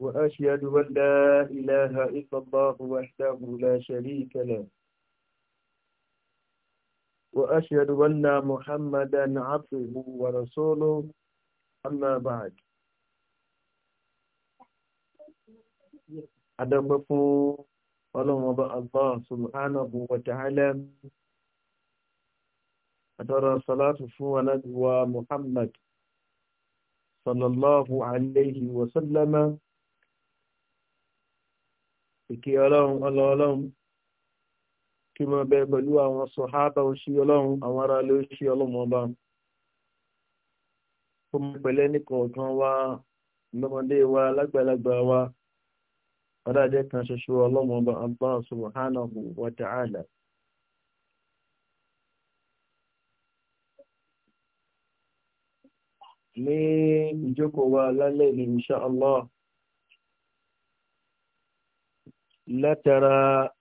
وأشهد أن لا إله إلا الله وحده لا شريك له وأشهد أن محمدا عبده ورسوله أما بعد أدم بفو ولو الله سبحانه وتعالى أدرى صلاة فو ندوى محمد صلى الله عليه وسلم ìkí ọlọ́run ọlọ ọlọ́run kí mọ bẹ pẹ̀lú àwọn sọ̀hábà oṣù ọlọ́run àwọn ará ló ṣe ọlọ́run ọba ó mọ pẹ̀lẹ́ nìkọ̀ọ̀kan wa lọ́mọdé wa lágbàlagbà wa ọ̀dájẹ́ kan ṣoṣo ọlọ́run ọba Allah subhanahu wa ta'ala. ní ìjókòó wa lálẹ́ ní insha Allah. látara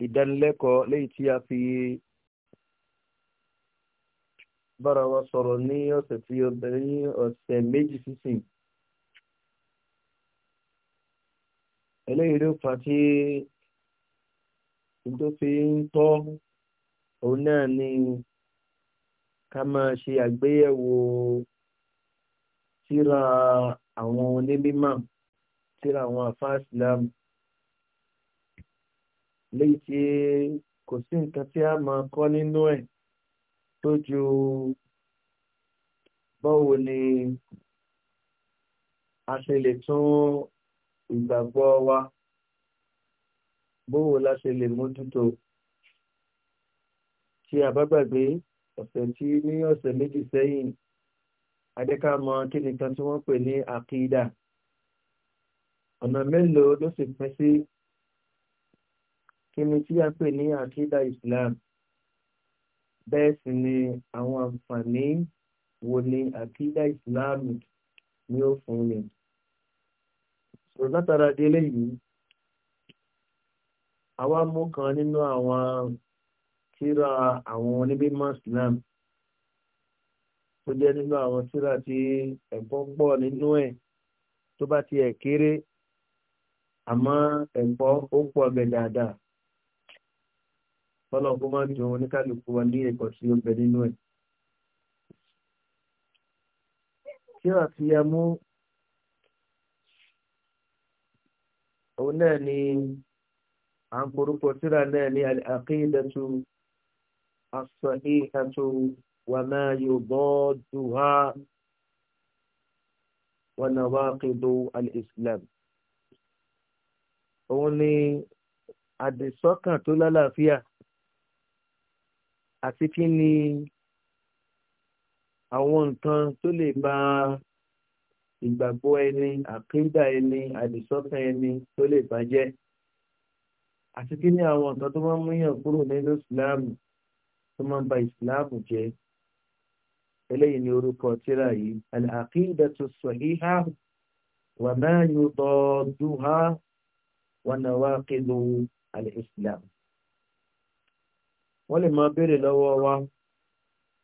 ìdánilẹ́kọ̀ọ́ léyìí tí a fi bára wa sọ̀rọ̀ ní ọ̀sẹ̀ tí ó bẹ̀rẹ̀ ní ọ̀sẹ̀ méjì sísìn. eléyìí ló fà tí tó fi ń tọ́ òun náà ni ká máa ṣe àgbéyẹ̀wò síra àwọn onímọ̀ síra àwọn àfáà léyìí tí kò sí nǹkan tí a máa kọ́ nínú ẹ̀ tó ju báwo ni a ṣe lè tún ìgbàgbọ́ wa báwo la ṣe lè mójútó tí a bá gbàgbé ọ̀sẹ̀ tí ní ọ̀sẹ̀ méjì sẹ́yìn adéká mọ kí nìkan tí wọ́n pè ní àkídà ọ̀nà mélòó ló sì pín sí kí ni tí a pè ní àkídà Islam bẹ́ẹ̀ sì ni àwọn àǹfààní wo ni àkídà Islam ni ó fún ni. sọ̀rọ̀ látara délé yìí àwa mú kan nínú àwọn tíra àwọn oníbímọ Islam tó jẹ́ nínú àwọn tíra tí ẹ̀kọ́ pọ̀ nínú ẹ̀ tó bá ti ẹ̀ kéré àmọ́ ẹ̀kọ́ ó pọ̀ bẹ̀ dáadáa. Ọlọ́run kó máa jọ oníkálukú wa ní ẹ̀kọ́ tí ó bẹ nínú ẹ̀. Kí àti ya mú òun náà ni à ń korúkọ síra náà ní àkídàtú aṣọ ìhàtú wà máa yóò bọ́ dùhá wà náà wá kédo al-Islam. Òun ni àdìsọ́kàn tó lálàáfíà àti kí ni àwọn nǹkan tó lè ba ìgbàgbọ́ ẹni àkídà ẹni àdìsọ́kàn ẹni tó lè bàjẹ́ àti kí ni àwọn nǹkan tó máa ń múyàn kúrò nínú ìsìláàmù tó máa ń ba ìsìláàmù jẹ́ eléyìí ni orúkọ tíra yìí al-aqidatu as-sahiha wa ma yudadduha wa nawaqid al-islam wọ́n lè máa béèrè lọ́wọ́ wa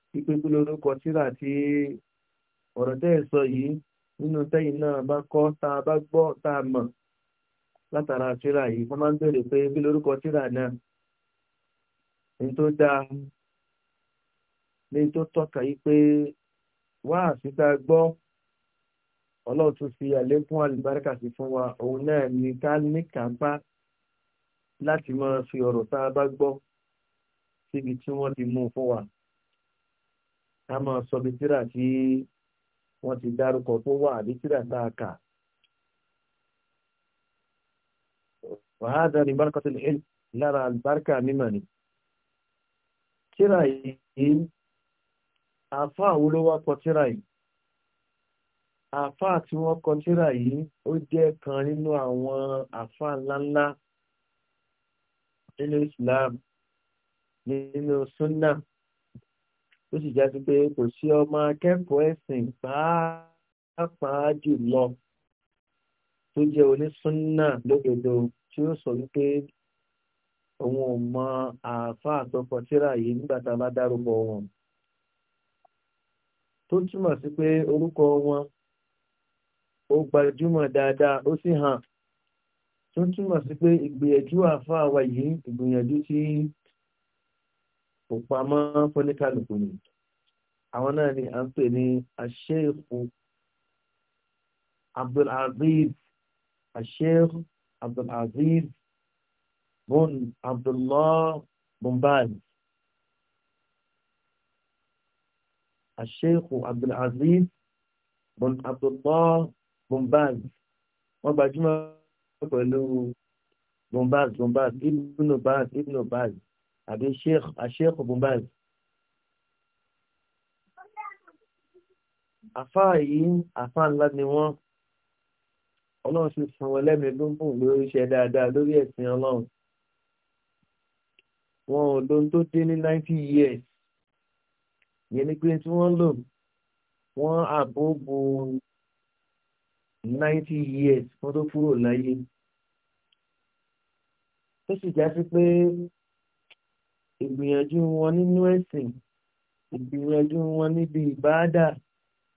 pípé pé lórúkọ tíra tí ọ̀rọ̀ tẹ́ ẹ̀ sọ yìí nínú tẹ́yìn náà bá kọ́ tá a bá gbọ́ tá a mọ̀ látara tíra yìí wọ́n máa ń béèrè pé bí lórúkọ tíra náà ní tó dáa ní tó tọ́ka yìí pé wá àṣìta gbọ́ ọlọ́run tún fi àlékún àlùbáríkà sí fún wa òun náà ní ká níkàápá láti máa fi ọ̀rọ̀ tá a bá gbọ́ síbi tí wọ́n ti mú fún wa ká máa sọ bí tíra tí wọ́n ti dárúkọ tó wà àbí tíra tá a kà. wàhádà ní bárakọ́tì lára àlùbáríkà mímọ̀ ni. tíra yìí àfa àwòlówà kọ tíra yìí àfa tí wọ́n kọ tíra yìí ó jẹ́ kan nínú àwọn àfa ńláńlá nínú Islam. nínú súnà ó sì já sí pé kò sí ọmọ akẹ́kọ̀ọ́ ẹ̀sìn pàápàá jùlọ tó jẹ́ onísúnà lódodo tí ó sọ wípé òun ò mọ àáfàá àtọkọ tíra yìí nígbà tá a bá dárúkọ wọn tó túmọ̀ sí pé orúkọ wọn ó gbajúmọ̀ dáadáa ó sì hàn tó túmọ̀ sí pé ìgbìyànjú àáfàá wa yìí ìgbìyànjú tí. kò pamọ́ fọ́níkàlùkù ni àwọn náà ni à ń pè ní àṣẹ́ẹ̀kù abdulaziz àṣẹ́ẹ̀kù abdulaziz bun abdullah bombali àṣẹ́ẹ̀kù abdulaziz bun abdullah bombali wọ́n gbajúmọ̀ pẹ̀lú bombali bombali ibnu baz ibnu baz àbí sheikh asheikh bumbaz àfá yìí àfá ńlá ni wọ́n ọlọ́run sì fún wọn lẹ́mìí gbóngbòn lórí iṣẹ́ dáadáa lórí ẹ̀sìn ọlọ́run wọn ò lóhun tó dé ní ninety years yẹn ni pé tí wọ́n lò wọ́n àbóbo ninety years wọ́n tó kúrò láyé tó sì já sí pé ìgbìyànjú wọn nínú ẹ̀sìn ìgbìyànjú wọn níbi ìbáàdà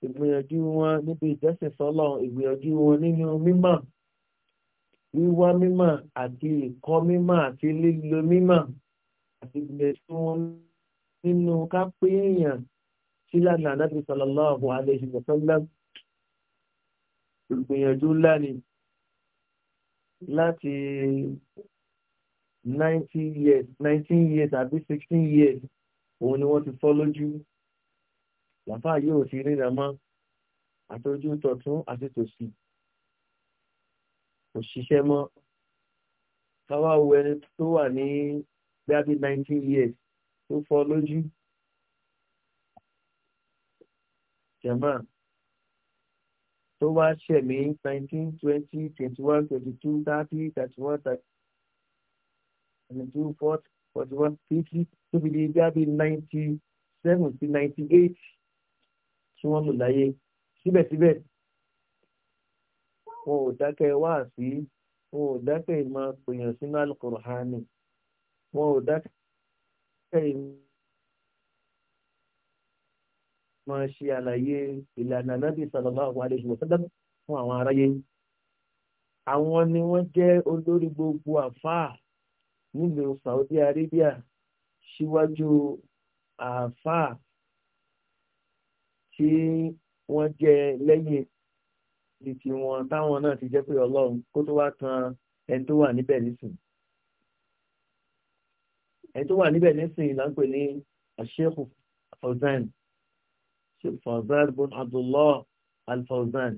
ìgbìyànjú wọn níbi ìjọsìn sọ́lọ̀ ìgbìyànjú wọn nínú mímọ̀ wíwá mímọ̀ àti ìkọ́ mímọ̀ àti lílo mímọ̀ àti ìgbìyànjú wọn nínú ká pé èèyàn sílànà ànábì sallallahu alaihi wa sallam ìgbìyànjú ńlá ni láti 19 years 19 years àbí 16 years òun ni wọ́n ti fọ́ lójú làfà yóò ti ríra mọ́ àtọ́jú tọ̀tún àti tòsí kò ṣiṣẹ́ mọ́ káwá wo ẹni tó wà ní bíábí nineteen years tó fọ́ lójú jẹ̀mọ́ tó wá ṣẹ̀mí nineteen twenty twenty one twenty two thirty thirty one thirty twenty two forty forty one fifty tó fi di bí a ninety seven sí ninety eight tí wọ́n lò láyé síbẹ̀síbẹ̀ wọn ò dákẹ́ wá sí wọn ò dákẹ́ ìmọ̀ pèèyàn sínú alukurhani wọn ò dákẹ́ ìmọ̀ ṣe àlàyé ìlànà nàbì sallallahu alaihi wasallam fún àwọn aráyé àwọn ni wọ́n jẹ́ olórí gbogbo àfáà nílùú Saudi Arabia síwájú àáfàá tí wọ́n jẹ lẹ́yìn títí wọn táwọn náà ti jẹ́ pé ọlọ́run kó tó wá kan ẹni tó wà níbẹ̀ nísìn ẹni tó wà níbẹ̀ nísìn là ń pè ní Sheikh Fawzan Sheikh Fawzan bin Abdullah Al-Fawzan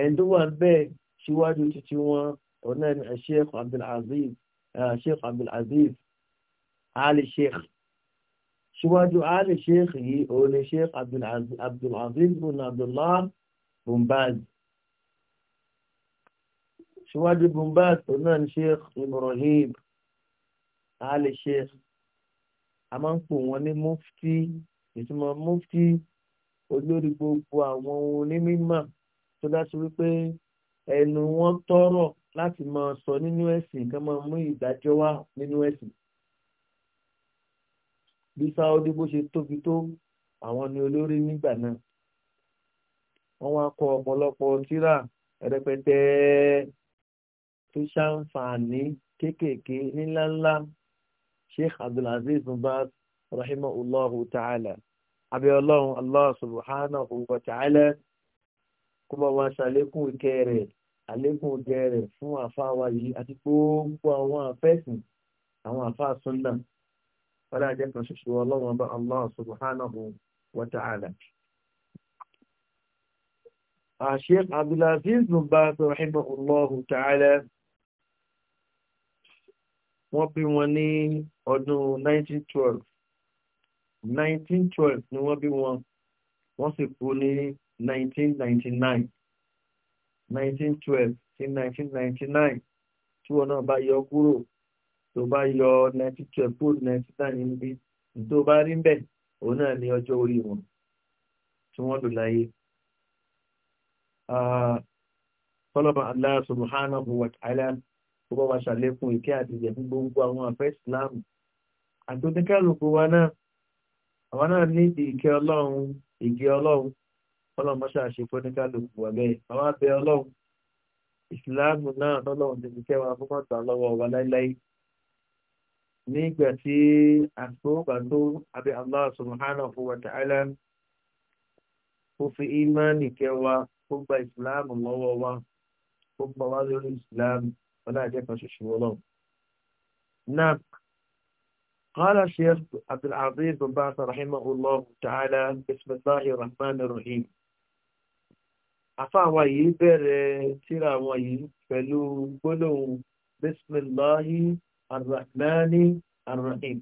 ẹni tó wà níbẹ̀ síwájú títí wọn هنا الشيخ عبد العزيز الشيخ عبد العزيز علي الشيخ síwájú alì sheikh yìí òun ni sheikh abdulaziz bin abdullah bumbaz síwájú bumbaz òun náà ni sheikh ibrahim alì sheikh a máa ń pò wọn ní mufti ìtumọ̀ mufti olórí gbogbo àwọn onímọ̀ tó dá sí wípé ẹnu wọn tọrọ láti máa sọ nínú ẹ̀sìn kan máa mú ìdájọ́ wá nínú ẹ̀sìn bí sáódì bó ṣe tóbi tó àwọn ni olórí nígbà náà wọ́n wá kọ ọ̀pọ̀lọpọ̀ tírà rẹpẹtẹ tó ṣàǹfààní kéékèèké níláńlá sheikh abdulaziz mubad rahimahullahu ta'ala abẹ́ ọlọ́run allah subhanahu wa ta'ala kó bá wa ṣàlékún ìkẹ́ àlékún jẹ rẹ̀ fún àfa wa yìí àti gbogbo àwọn àfẹ́sìn àwọn àfa sunna wọ́n á jẹ́ kan ṣoṣo ọlọ́run ọba allah subhanahu wa ta'ala. Sheikh Abdulaziz bin Baz rahimahullahu ta'ala wọ́n bí wọn ní ọdún 1912 1912 ni wọ́n bí wọn wọ́n sì kú ní 1999. 1912 sí 1999 tí wọn náà bá yọ kúrò tó bá yọ 1912 kúrò 1999 níbi tó bá rí bẹ́ẹ̀ òun náà ní ọjọ́ orí wọn tí wọ́n lò láyé. Ah, Fọ́lọ́bà Allah subhanahu wa ta'ala tó bá wa ṣàlékún ìkẹ́ àti ìjẹ̀ fún gbogbo àwọn àfẹ́ ìsìláàmù. Àtòdíkàlùkù wa náà, àwọn náà ní ìkẹ́ ọlọ́run, ìgẹ́ ọlọ́run ọlọ́run mọ́ṣá ṣe fún oníkálukú ọ̀gẹ́ àwọn abẹ ọlọ́run ìsìláàmù náà lọ́lọ́run ti fi kẹwàá fún mọ́tà lọ́wọ́ wa láíláí nígbà tí àtúbà tó abẹ Allah subhanahu wa ta'ala ó fi ímánì kẹwàá ó gba ìsìláàmù lọ́wọ́ wa ó gba wá lórí ìsìláàmù ọlájẹ́ kan ṣoṣo ọlọ́run. náà قال الشيخ عبد العزيز بن باز رحمه الله تعالى بسم الله الرحمن الرحيم àfáàwà yìí bẹ̀rẹ̀ tíra wọn yìí pẹ̀lú gbólóhùn bismillahi arrahmani arrahim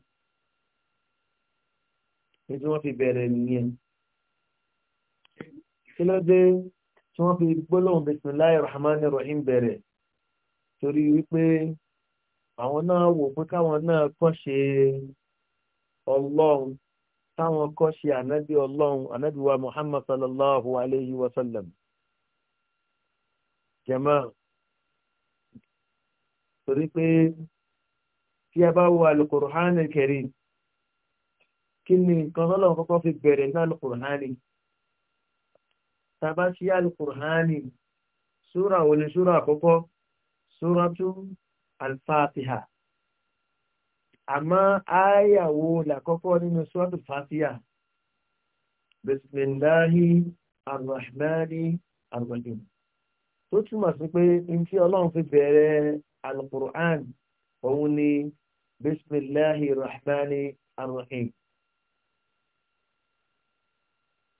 ní tí wọ́n fi bẹ̀rẹ̀ nìyẹn kí ló dé tí wọ́n fi gbólóhùn bismillahi arrahmani arrahim bẹ̀rẹ̀ torí wípé àwọn náà wò pé káwọn náà kọ́ ṣe ọlọ́run táwọn kọ́ ṣe ànábì ọlọ́run ànábì wa muhammad sallallahu alayhi wa sallam jẹ̀mọ́ torí pé tí a bá wo alukur'an karim kí ni nǹkan tọ́lọ̀ kọ́kọ́ fi bẹ̀rẹ̀ ní alukur'an tàbá sí alukur'an súra òní súra àkọ́kọ́ súra tún alfatiha àmọ́ áyàwó làkọ́kọ́ nínú súra tún fatiha bismillahi arrahmani arrahim tó túmọ̀ sí pé n tí ọlọ́run fi bẹ̀rẹ̀ alukur'an òun ni bisimilahi rahmani arrahim.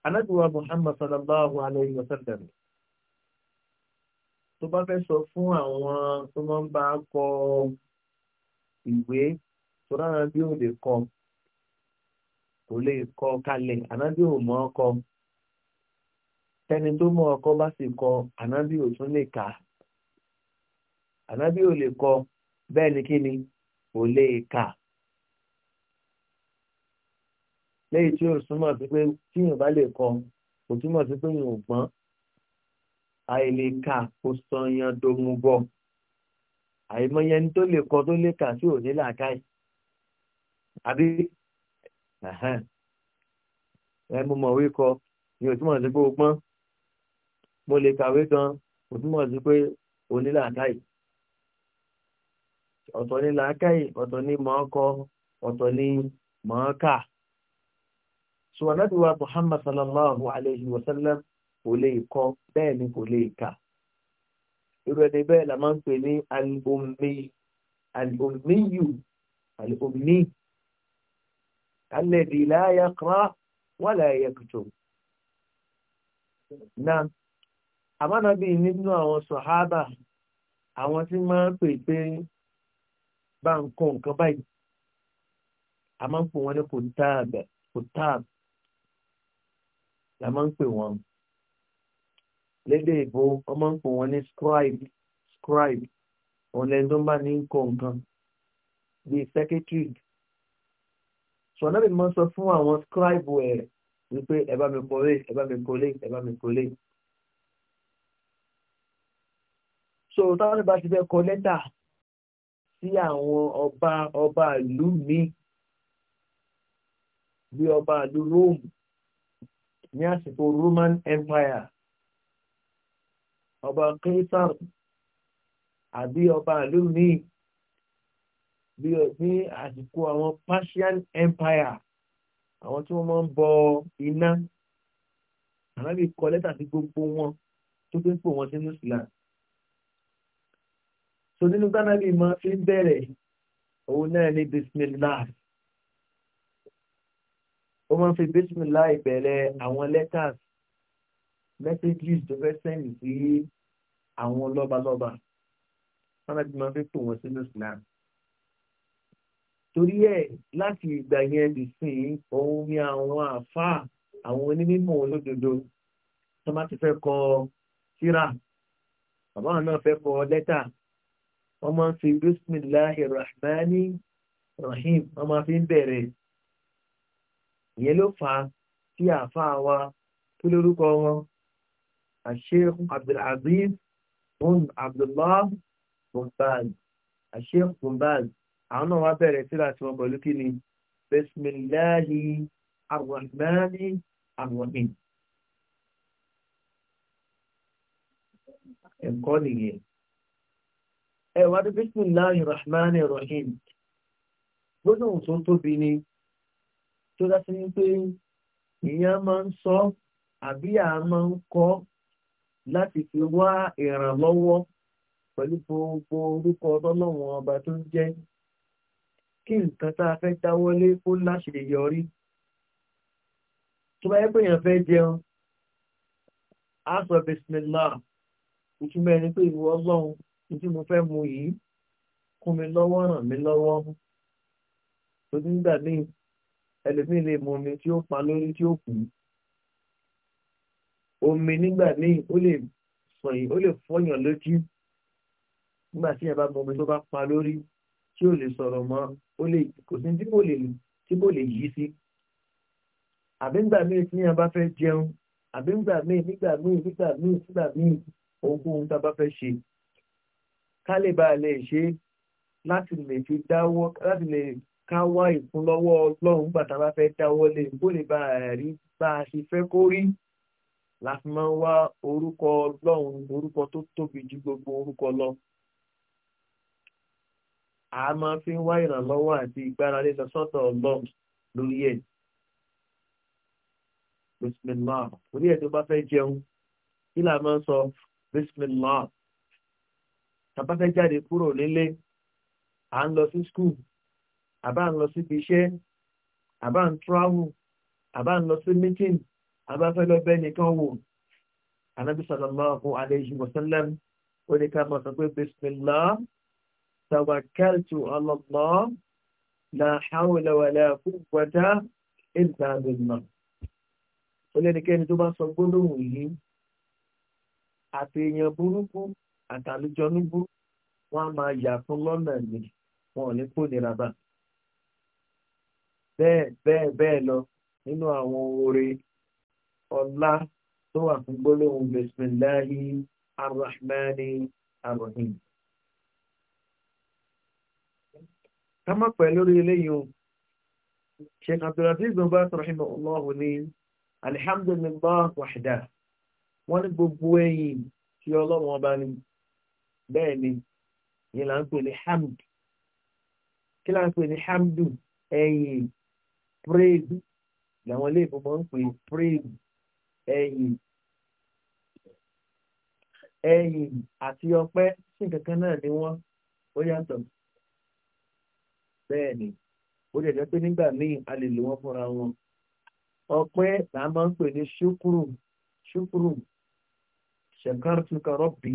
anaduwa muhammad sallallahu alayhi wa sallam tó bá fẹ́ sọ fún àwọn tó máa ń bá kọ ìwé tó rárá bí ò lè kọ kò lè kọ kalẹ̀ ànábì ò kọ tẹni tó mọ ọkọ bá sì kọ ànábì ò tún lè kà ànábì ò lè kọ bẹ́ẹ̀ ni kí ni ò lè kà lẹ́yìn tí ó súnmọ́ sí pé tíyàn bá lè kọ kò túmọ̀ sí pé yàn ò gbọ́n àìlèkà kò sọyàn dogun bọ̀ àìmọye ẹni tó lè kọ tó lè kà sí òní làákàyè àbí ẹ mo mọ̀ wí kọ ni ò túmọ̀ sí pé o gbọ́n. mo lè kàwé kan kò túmọ̀ sí pé onílàákàyè ọ̀tọ̀ ní làákàyè ọ̀tọ̀ ní mọ́ọ́kọ́ ọ̀tọ̀ ní mọ́ọ́kà ṣùgbọ́n láti wá Muhammad sallallahu alayhi wa sallam kò lè kọ bẹ́ẹ̀ ni kò lè kà irú ẹni bẹ́ẹ̀ la máa ń pè ní al-ummi al-ummiyu al-ummi alladhi la yaqra wa náà àmọ́nàbí nínú àwọn sọ̀hábà àwọn tí máa ń pè pé bá ń kọ nǹkan báyìí a máa ń pè wọ́n ní kò la máa ń pè wọ́n lédè ìbò wọ́n máa ń pè wọ́n ní scribe scribe òun lẹ́ni tó ń bá ní kọ nǹkan bíi secretary sọ̀nàbí máa sọ fún àwọn scribe ẹ̀ wípé ẹ bá mi kọ́lé ẹ bá mi kọ́lé ẹ bá mi kọ́lé so táwọn bá ti fẹ́ kọ lẹ́tà sí àwọn ọba ọba ìlú mi bí ọba ìlú Rome ní àsìkò Roman Empire ọba Caesar àbí ọba ìlú mi bí ní àsìkò àwọn Persian Empire àwọn tí wọ́n máa ń bọ iná àlábì kọ lẹ́tà sí gbogbo wọn tó fi ń pò wọn sínú Islam so nínú tánàbí mọ́ fi ń bẹ̀rẹ̀ òun náà ní bismillah ó máa ń fi bismillah ìbẹ̀rẹ̀ àwọn letters messages tó fẹ́ sẹ́yìn sí àwọn lọ́balọ́ba tánàbí máa fi pò wọ́n sínú Islam torí ẹ̀ láti ìgbà yẹn di sìn òun ni àwọn àfáà àwọn onímọ̀ olódodo tó máa ti fẹ́ kọ síra bàbá náà fẹ́ kọ lẹ́tà wọ́n máa ń fi bismillahi rahmani rahim wọ́n máa fi ń bẹ̀rẹ̀ ìyẹn ló fà á tí àáfàá wa tó lórúkọ wọn àṣeyìk abdulaziz bin abdullah bumbaz àṣeyìk bumbaz àwọn náà wá bẹ̀rẹ̀ síra tí wọ́n pẹ̀lú kí ni bismillahi arrahmani arrahim. ẹ̀kọ́ nìyẹn ẹ̀wà tó bismillahir rahmanir rahim gbọ́dọ̀ ohun tó tóbi ni tó dá sí pé ìyá máa ń sọ àbí àá máa ń kọ́ láti fi wá ìrànlọ́wọ́ pẹ̀lú gbogbo orúkọ ọlọ́wọ́n ọba tó ń jẹ́ kí nǹkan tá a fẹ́ dáwọ́lé kó láṣeyọrí tó bá yẹ pé èèyàn fẹ́ jẹun á sọ bisimilá ìtumọ̀ ẹni pé ìwọ ọlọ́run tí mo fẹ́ mu yìí kún mi lọ́wọ́ ràn mí lọ́wọ́ tó ti ń gbà ní ẹlòmíì lè mu omi tí ó pa lórí tí ó kù omi nígbà míì ó lè sọyìn ó lè fọyàn lójú nígbà tí ẹ bá mu omi tó bá pa lórí tí ò lè sọ̀rọ̀ mọ́ ó lè kò sí tí kò lè tí kò lè yí sí àbí nígbà míì tí ẹ bá fẹ́ jẹun àbí nígbà míì nígbà míì nígbà míì nígbà míì ohunkóhun tá a bá fẹ́ ṣe kálíbà lè ṣe láti lè fi dáwọ́ láti lè káwá ìfúnlọ́wọ́ ọlọ́run bàtà bá fẹ́ dáwọ́ lè kó lè bá rí bá a ṣe fẹ́ kó rí la fi máa ń wá orúkọ ọlọ́run orúkọ tó tóbi ju gbogbo orúkọ lọ. a máa fi ń wá ìrànlọ́wọ́ àti ìgbára lé sọ́tọ̀ ọlọ́run lórí ẹ̀. bismillah orí ẹ̀ tó bá fẹ́ jẹun kí là máa ń sọ bismillah tàbá fẹ́ jáde kúrò nílé à ń lọ sí skul àbá ń lọ síbi iṣẹ́ àbá ń travel àbá ń lọ sí meeting àbá fẹ́ lọ bẹ́ẹ̀ nìkan wò anabi sallallahu alayhi wa sallam ó ní ká máa sọ pé bismillah tawakkaltu ala Allah la hawla wa la quwwata illa billah ó lẹ́nikẹ́ni tó bá sọ gbólóhùn yìí àti èèyàn burúkú àtàlùjọ ní wọ́n á máa yà fún lọ́nà ni wọn ò ní kó nira bá bẹ́ẹ̀ bẹ́ẹ̀ bẹ́ẹ̀ lọ nínú àwọn oore ọlá tó wà fún gbólóhùn bisimilahi arahmani arahim. ká má pẹ̀ lórí eléyìí o sheikh abdulaziz bin bas rahimahullah ni alhamdulillah wahda wọ́n ní gbogbo ẹ̀yìn tí ọlọ́run ọba ni bẹ́ẹ̀ ni yẹn là ń pè ní hamd kí là ń pè ní hamdu ẹ̀yìn praise làwọn ilé ìfowópamọ́ ń pè praise ẹ̀yìn ẹ̀yìn àti ọpẹ́ sí kankan náà ni wọ́n ó yàtọ̀ bẹ́ẹ̀ ni ó lè jẹ́ pé nígbà míì a lè lò wọ́n fúnra wọn ọpẹ́ là máa ń pè ní ṣúkúrù ṣúkúrù ṣẹ̀kárùtùkà rọ́bì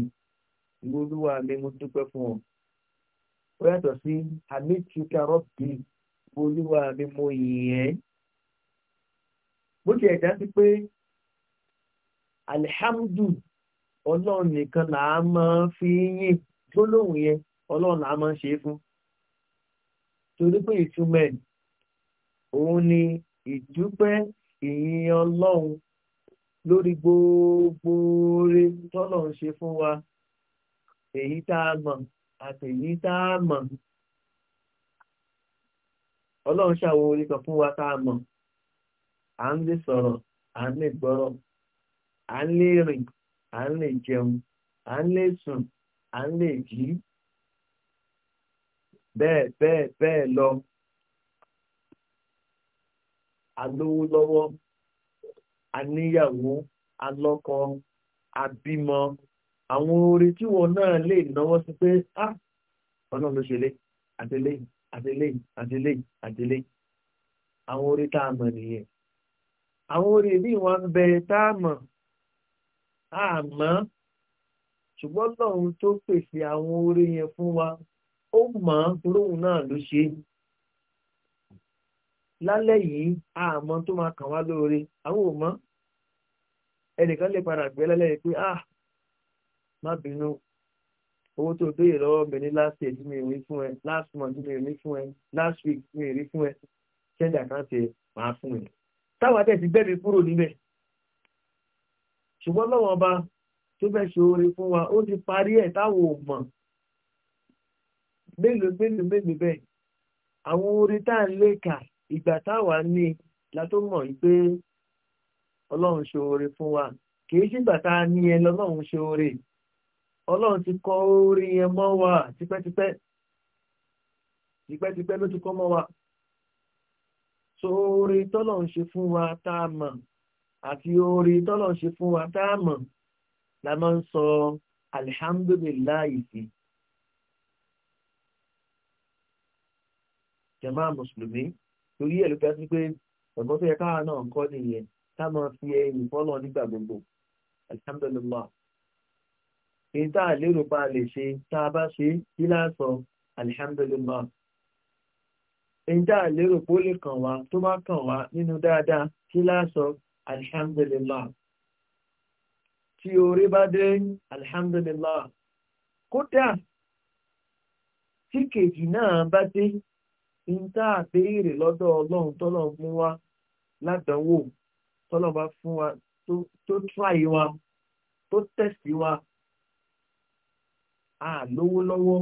olúwa mi mo dúpẹ́ fún ọ ó yàtọ̀ sí àmìtúkà rọ́bì olúwa mi mo yìn bó ti ẹ̀dá sí pé alihamdu ọlọ́run nìkan là máa fi yìn gbólóhùn yẹn ọlọ́run là máa ṣe é fún torí pé òun ni ìdúpẹ́ ìyìn ọlọ́run fún wa èyí tá a mọ̀ àtèyí tá a mọ̀ ọlọ́run ṣàwọ orí fún wa tá a mọ̀ à ń lè sọ̀rọ̀ à ń lè gbọ́rọ̀ à ń lè rìn à ń lè jẹun à ń lè sùn à ń lè jí bẹ́ẹ̀ bẹ́ẹ̀ bẹ́ẹ̀ lọ alówó lọ́wọ́ aníyàwó alọ́kọ abímọ àwọn oore tí wọn náà lè náwó sí pé á ah, ọ̀nà ló ṣe lé àtẹlẹyìn àtẹlẹyìn àtẹlẹyìn àtẹlẹyìn àwọn oore tá a mọ̀ nìyẹn àwọn oore bí wọn bẹ tá a mọ̀ á mọ̀ ṣùgbọ́n lọ́run tó pèsè àwọn oore yẹn fún wa ó mọ̀ lóhun náà ló ṣe lálẹ́ yìí àmọ́ tó máa kàn wá lóore àwọn ò mọ̀ ẹnìkan lè padà gbé lálẹ́ yìí pé ah má bínú owó tó béèrè lọ́wọ́ mi ní last year mi rí fún ẹ last month mi rí fún ẹ last week mi rí fún ẹ change account ẹ máa fún ẹ táwa dẹ̀ ti gbẹ́mi kúrò níbẹ̀ ṣùgbọ́n lọ́wọ́ ọba tó fẹ́ ṣe oore fún wa ó ti parí ẹ̀ táwọn ò mọ̀ mélòó mélòó mélòó bẹ́ẹ̀ àwọn orin tá à ń lè kà ìgbà táwa ní la tó mọ̀ pé ọlọ́run ṣe oore fún wa kì í ṣìgbà tá a ní ẹ lọ́lọ́run ṣe oore ọlọ́run ti kọ orí yẹn mọ́ wa tipẹ́tipẹ́ tipẹ́tipẹ́ ló ti kọ́ mọ́ wa so orí tọ́lọ̀ ń ṣe fún wa tá a mọ̀ àti orí tọ́lọ̀ ṣe fún wa tá a mọ̀ la máa ń sọ alihamdulilayi sí jama mùsùlùmí torí ẹ̀ ló fẹ́ sí pé ẹ̀gbọ́n tó yẹ káwa náà kọ́ nìyẹn ká máa fi ẹ̀yìn fọ́lọ́ nígbà gbogbo alihamdulilayi èyí tá a lérò pa lè ṣe tá a bá ṣe kí láàsọ alihamdulillah èyí tá a lérò pé ó lè kàn wá tó bá kàn wá nínú dáadáa kí láàsọ alihamdulillah tí orí bá dé alihamdulillah kódà tí kejì náà bá dé ń tá lọ́dọ̀ ọlọ́run tọ́lọ̀ fún wa ládánwò tọ́lọ̀ bá fún wa tó tíráyé wa tó tẹ̀sí wa àlówó lọ́wọ́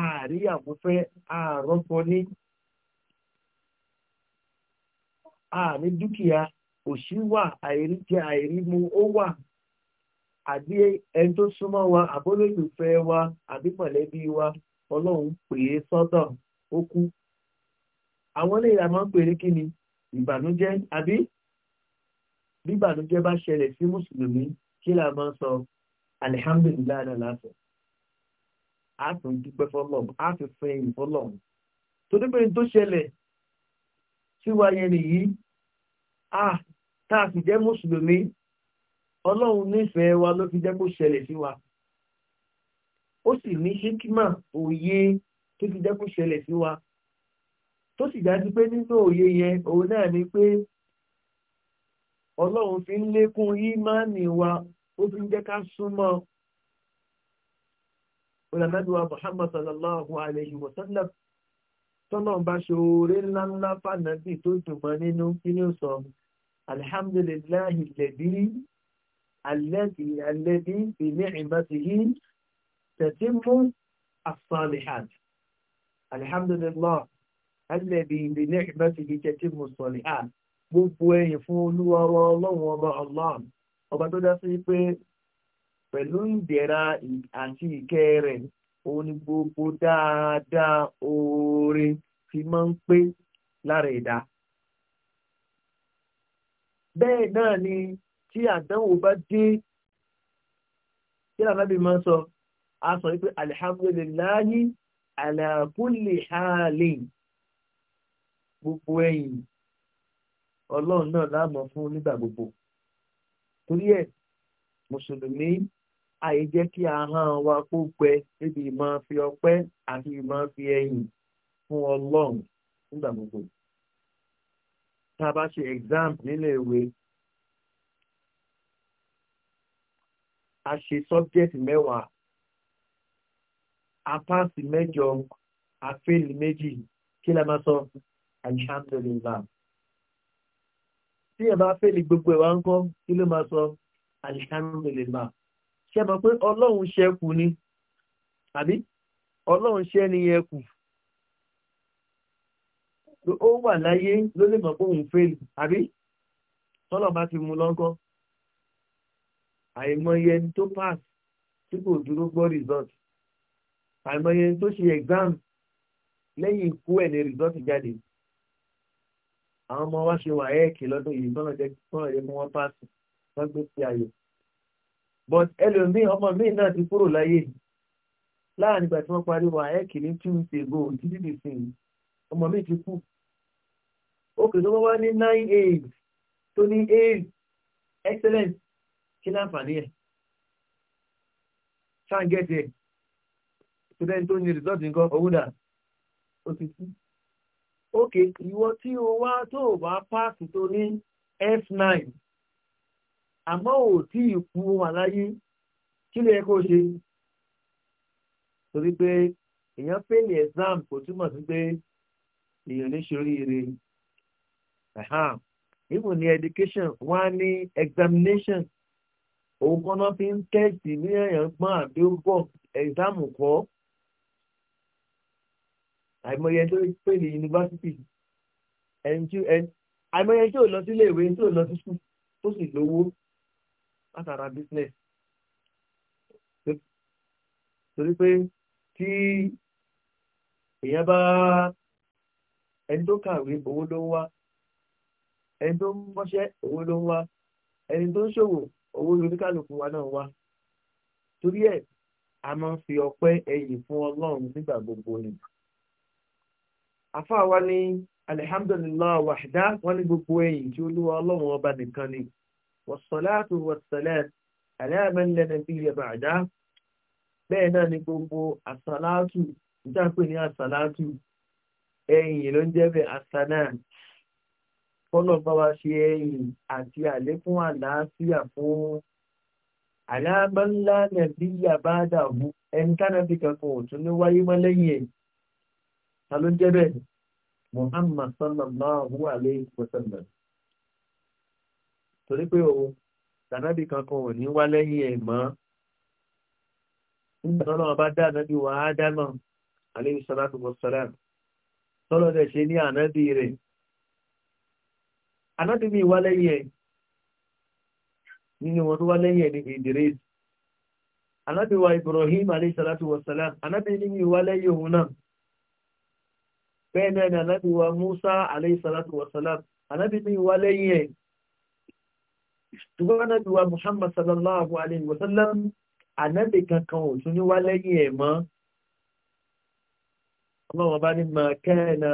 àárí àfúfẹ́ àrọ́pọ̀ ní àní dúkìá òṣì wà àìrí jẹ àìrí mu ó wà àbí ẹni tó súnmọ́ wa àbólóyìnfẹ́ wa àbí mọ̀lẹ́bí wa ọlọ́run pè é sọ́dọ̀ ó kú àwọn ilé ìyá máa ń pè kí ni ìbànújẹ́ àbí bíbànújẹ́ bá ṣẹlẹ̀ sí mùsùlùmí kí la máa sọ alihamdulilayi náà lásán a tún dúpẹ́ fọlọ́m a fi fún ẹyìn fọlọ́m tó dúpẹ́ tó ṣẹlẹ̀ tí wàá yẹn nìyí a tá a sì jẹ́ mùsùlùmí ọlọ́run nífẹ̀ẹ́ wa ló fi jẹ́ kó ṣẹlẹ̀ sí wa ó sì ní ṣíkímà òye tó fi jẹ́ kó ṣẹlẹ̀ sí wa tó sì dájú pé nínú òye yẹn òun náà ni pé ọlọ́run fi ń lékún ímánì wa ó fi ń jẹ́ ká súnmọ́ olùdàmẹ́dùwà Muhammad sallallahu alayhi wa sallam tọ́nà bá ṣoore ńláńlá fànàbí tó dùnmọ́ nínú kí ni ó sọ alhamdulillahi lẹ́bí alẹ́bí alẹ́bí ìní ìbátihí tẹ̀tímú as-salihat alhamdulillah alẹ́bí ìní ìbátihí tẹ̀tímú as-salihat gbogbo ẹ̀yìn fún olúwa ọlọ́run ọba allah ọba tó dá sí pé pẹ̀lú ìdẹ̀ra àti ìkẹ́ rẹ̀ òun ni gbogbo dáadáa oore fi máa ń pé lára ẹ̀dá. bẹ́ẹ̀ náà ni tí àdánwò bá dé kí làbábí máa ń sọ a sọ wípé alihamudulilayi alakulli haalin gbogbo ẹ̀yìn ọlọ́run náà láàmú fún nígbà gbogbo torí ẹ̀ mùsùlùmí àyè jẹ́ kí ahọ́n wa kó gbẹ níbi ìmọ̀ fi ọpẹ́ àti ìmọ̀ fi ẹ̀yìn fún ọlọ́run nígbà gbogbo tá a bá ṣe exam nílé ìwé a ṣe sọ́bjẹ́tì mẹ́wàá a páàsì mẹ́jọ a fẹ́ẹ̀lì méjì kí la máa sọ alihamdulilayi tí ẹ bá fẹ́ lè gbogbo ẹ̀wà ń kọ́ kí ló máa sọ alhamdulillah ṣe mọ̀ pé ọlọ́run ṣe kù ni àbí ọlọ́run ṣe ni yẹn kù ó wà láyé ló lè mọ̀ pé òun fẹ́ lè àbí tọ́lọ̀ bá ti mú lọ́ńkọ́ àìmọye ẹni tó pass tí kò dúró gbọ́ result àìmọye ẹni tó ṣe exam lẹ́yìn ikú ẹ̀ ní result jáde àwọn ọmọ wa ṣe wà ẹ́ẹ̀kì lọ́dún yìí gbọ́nà jẹ́ gbọ́nà jẹ́ kí wọ́n pàṣẹ wọ́n gbé sí ayò but ẹlòmíì ọmọ míì náà ti kúrò láyé láàrin ìgbà tí wọ́n parí wà ẹ́ẹ̀kì ní tuesday go títí di sin ọmọ míì ti kú òkè tó wá ní nine eight tó ní eight excellent kí láǹfààní ẹ̀ ṣáà ń gẹ̀ẹ́tì ẹ̀ student tó ní result nǹkan owó dà ó ti kú ókè ìwọ tí o wá tó o bá páàsì tó ní f9 àmọ́ ò tí ì kú wà láyé kí lè kó ṣe torí pé èèyàn fẹ́ẹ̀lì exam kò túmọ̀ sí pé èèyàn ní ṣoríire even ní education wọ́n á ní examination òun kan náà fi ń tẹ́sì ní èèyàn gbọ́n àbí ó gbọ́ exam kọ́ àìmọye tó pè ní yunifásitì àìmọye tó lọ sí iléèwé tó lọ sí sùn tó sì lówó látara business torí pé tí èèyàn bá ẹni tó kàwé owó ló ń wá ẹni tó ń mọ́ṣẹ́ owó ló ń wá ẹni tó ń ṣòwò owó lóníkàlùkù wa náà wá torí ẹ̀ a máa ń fi ọpẹ́ ẹ̀yìn fún ọlọ́run nígbà gbogbo nìkan àfa wa ní alihamdulilayi wàhídá wọn ní gbogbo ẹ̀yìn tí olúwa ọlọ́run ọba nìkan ni wasalaatu wasalaat aláàmẹ́lẹ́nà bí ilẹ̀ bàdá bẹ́ẹ̀ náà ni gbogbo asalaatu níta pé ní asalaatu ẹ̀yìn ló ń jẹ́ bẹ́ẹ̀ asanáà kọ́lọ̀ bá wa ṣe ẹ̀yìn àti àlékún àlàáfíà fún aláàmẹ́lẹ́nà bí ilẹ̀ bàdá ẹni tánàbí kankan ò tún ní wáyé mọ́ lẹ́yìn ẹ̀yìn ta ló jẹ́ bẹ́ẹ̀ muhammad sallallahu alayhi wa sallam torí pé òun tànábì kankan ò ní wá lẹ́yìn ẹ̀ mọ́ nígbà tó lọ́wọ́ bá dá ànábì wa ádámà alayhi salatu wa salam tọ́lọ́ dẹ̀ ṣe ní ànábì rẹ̀ ànábì mi wá lẹ́yìn ẹ̀ nínú wọn tó wá lẹ́yìn ẹ̀ ní ìdírẹ́sì ànábì wa ibrahim alayhi salatu wa salam ànábì mi wá lẹ́yìn òun náà bẹ́ẹ̀ náà ni ànábì wa Musa alayhi salatu wa salam ànábì mi wá lẹ́yìn ẹ̀ ṣùgbọ́n ànábì wa Muhammad sallallahu alayhi wa sallam ànábì kankan ò tún ní wá lẹ́yìn ẹ̀ mọ́ ọlọ́wọ́n bá ní ma kana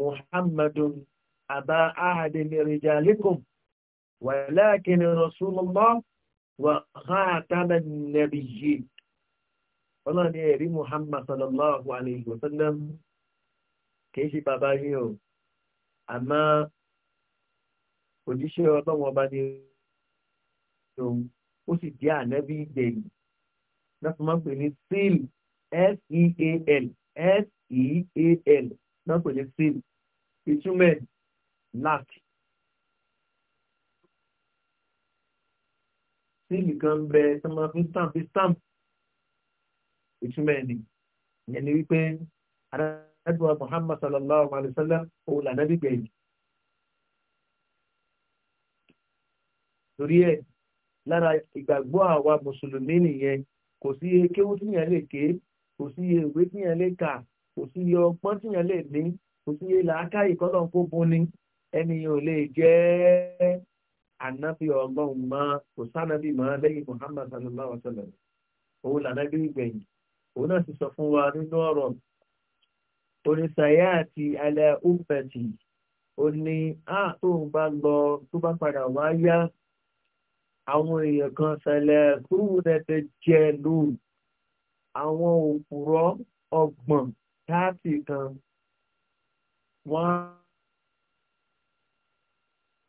Muhammadun aba ahadin min rijalikum walakin rasulullah wa khataman nabiyyin ọlọ́ni ẹ̀rí Muhammad sallallahu alayhi wa kìí ṣe bàbá yín o àmọ́ òjíṣẹ́ ọlọ́wọ́n bá ní òun ó sì jẹ́ ànábì ìgbẹ̀yìn náà máa ń pè ní seal s-e-a-l s-e-a-l náà pè ní seal ìtumẹ̀ lack sílì kan bẹ tó máa fi stamp fi stamp ìtumẹ̀ ni ìyẹn ni wípé ẹgbẹ́ Muhammad sallallahu alayhi wa sallam òun là nábì gbẹ̀yìn. torí ẹ̀ lára ìgbàgbọ́ àwa mùsùlùmí nìyẹn kò sí iye kéwú tíyàn lè ké kò sí iye ìwé tíyàn lè kà kò sí iye ọgbọ́n tíyàn lè ní kò sí iye làákàyè kọ́lọ̀ kó buni ẹnìyàn ò lè jẹ́ ànábì ọlọ́run mọ́ kò sánábì mọ́ lẹ́yìn Muhammad sallallahu alayhi sallam òun là nábì gbẹ̀yìn òun náà ti sọ fún wa nínú ọ̀rọ̀ oníṣàyàtì alẹ́ ọ̀pẹ̀tì ó ní á tóun bá lọ tó bá padà wá yá àwọn èèyàn kan ṣẹlẹ̀ kúrúnẹ̀tẹ̀ jẹ́ lóòrùn àwọn òpùrọ̀ ọgbọ̀n táàtì kan wọ́n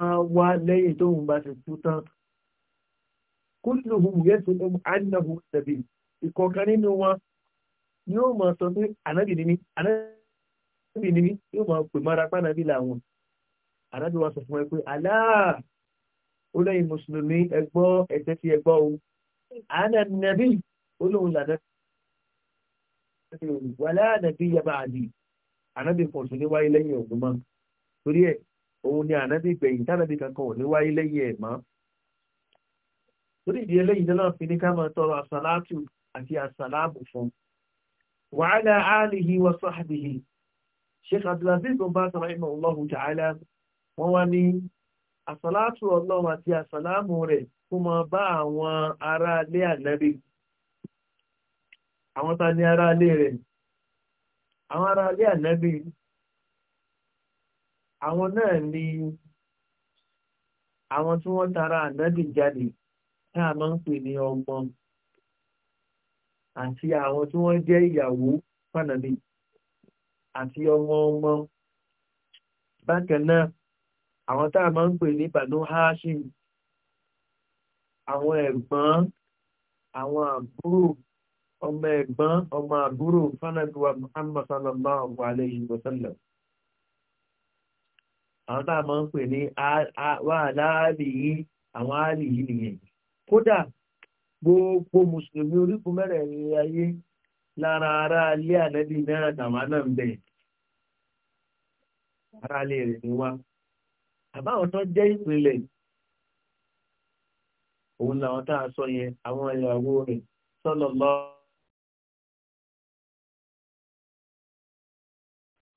á wá lẹ́yìn tóun bá ti kú tán kúlùhùn yẹ́sùn ọmọ àdínàbù tẹ̀bí ìkọ̀ọ̀kan nínú wọn yóò mọ̀ sọ pé ànábì ní ànábì níbi níbi yóò máa pè mọ́ra pánàbí làwọn ànábì wa sọ fún ẹ pé àlá ó lẹ́yìn mùsùlùmí ẹgbọ́ ẹ̀tẹ́ fi ẹgbọ́ o àánà nàbí olóhùn làdá wàlá nàbí yaba àdì ànábì pọ̀tù ní wáyé lẹ́yìn ọ̀gbọ́n mọ́ torí ẹ̀ òun ni ànábì gbẹ̀yìn tánàbì kankan ò ní wáyé lẹ́yìn ẹ̀ mọ́ torí ìdí eléyìí náà fi ní ká máa tọrọ àsàlátù àti àsàlámù fún wàhálà áàlìhí wa sọ́hàbìhì Sheikh Abdulaziz bin Baz rahimahullahu ta'ala wọ́n wá ní àsàlátù ọlọ́run àti àsàlámù rẹ̀ kó máa bá àwọn ará ilé ànábì àwọn ta ní ará ilé rẹ̀ àwọn ará ilé ànábì àwọn náà ni àwọn tí wọ́n tara ànábì jáde tá a máa ń pè ní ọmọ àti àwọn tí wọ́n jẹ́ ìyàwó fànàbì àti ọmọ ọmọ bákan náà àwọn tá a máa ń pè ní bànú Hashim àwọn ẹ̀gbọ́n àwọn àbúrò ọmọ ẹ̀gbọ́n ọmọ àbúrò fánàbíwá Muhammad sallallahu alayhi wa sallam àwọn tá a máa ń pè ní wà láàárí yìí àwọn àárí yìí nìyẹn kódà gbogbo mùsùlùmí orígun mẹ́rẹ̀ẹ̀rin ayé lára ara ilé ànẹ́bí náà tàwọn náà ń bẹ̀rẹ̀ ara lè rìn ní wa àbáwọn tó jẹ́ ìpìlẹ̀ òun làwọn tá a sọ yẹn àwọn ìyàwó rẹ̀ sọ́lọ̀ lọ.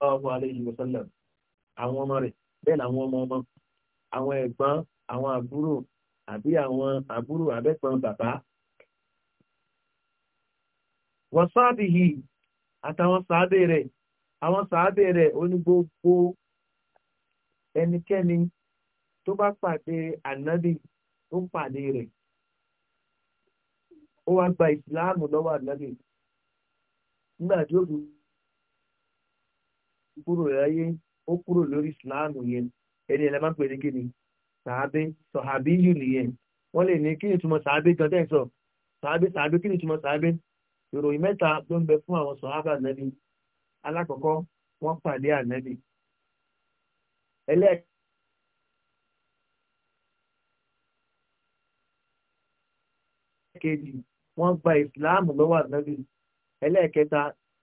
ọ̀pọ̀ alẹ́ ìlú sọ́lọ̀ àwọn ọmọ rẹ̀ bẹ́ẹ̀ làwọn ọmọ ọmọ àwọn ẹ̀gbọ́n àwọn àbúrò àbí àwọn àbúrò abẹ́pọn bàbá. wọ́n sáàbì yìí àtàwọn sàábẹ̀ rẹ̀ àwọn sàábẹ̀ rẹ̀ onígbogbo ẹnikẹ́ni tó bá pàdé ànábì ó ń pàdé rẹ̀ ó wá gba ìsìláàmù lọ́wọ́ ànábì nígbà tí ó kúrò láyé ó kúrò lórí ìsìláàmù yẹn ẹni ẹ̀la máa ń pè ní kíni sàábé sọ̀hábí nìyẹn wọ́n lè ní ni túmọ̀ sàábé gan tẹ́ sàábé sàábé kí túmọ̀ sàábé ìròyìn mẹ́ta ló ń bẹ fún àwọn sọ̀hábà ànábì alákọ̀ọ́kọ́ ẹlẹ́ẹ̀kẹ́ kejì wọ́n gba Islam lọ́wọ́ ànábì ẹlẹ́ẹ̀kẹta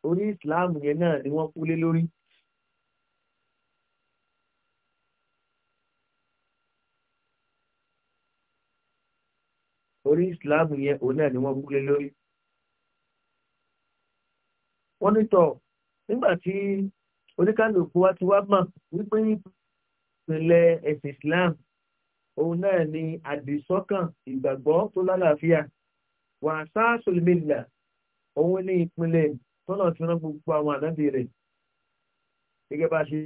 orí ìsìláàmù yẹn náà ni wọ́n kú lé lórí. orí ìsìláàmù yẹn òun náà ni wọ́n kú lé lórí. wọ́n ní tọ̀ nígbà tí oníkálukú wa ti wá mọ̀ wípé ìpìlẹ̀ ẹ̀sìn Islam òun náà ni àdìsọ́kàn ìgbàgbọ́ tó lálàáfíà wà sáàsùl mílà òun ní ìpìlẹ̀ tọ́nà tí wọ́n gbogbo àwọn ànábì rẹ̀ gẹ́gẹ́ bá ṣe.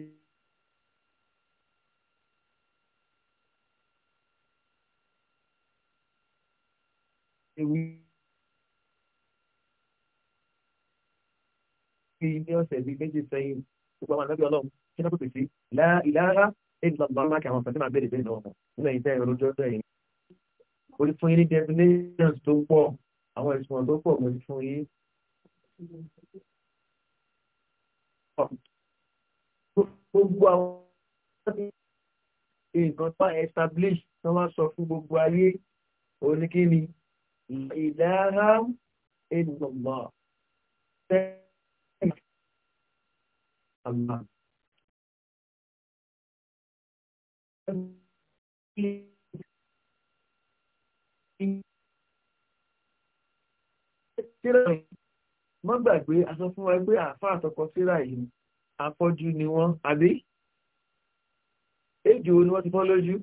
ewì ní ọ̀sẹ̀ bíi méjì sẹ́yìn gbogbo àwọn ànábì ọlọ́run kí wọ́n pèsè láìlára ìgbà bàbá kí àwọn fẹ̀tẹ́mà béèrè béèrè lọ́wọ́ nínú ẹ̀yìn tẹ́ ẹ̀rọ jọ́jọ́ yìí mo ti fún yín ní definitions tó pọ̀ àwọn ẹ̀sùn tó pọ̀ mo ti fún yín. gbogbo àwọn nǹkan tó establish tó máa sọ fún gbogbo ayé oníkíni ìdáhà ènìyàn mọ́. Allah. tíra mọ́ gbàgbé aṣọ fún wa pé àfa àtọkọ tíra yìí afọ́jú ni wọ́n àbí èjì wo ni wọ́n ti fọ́ lójú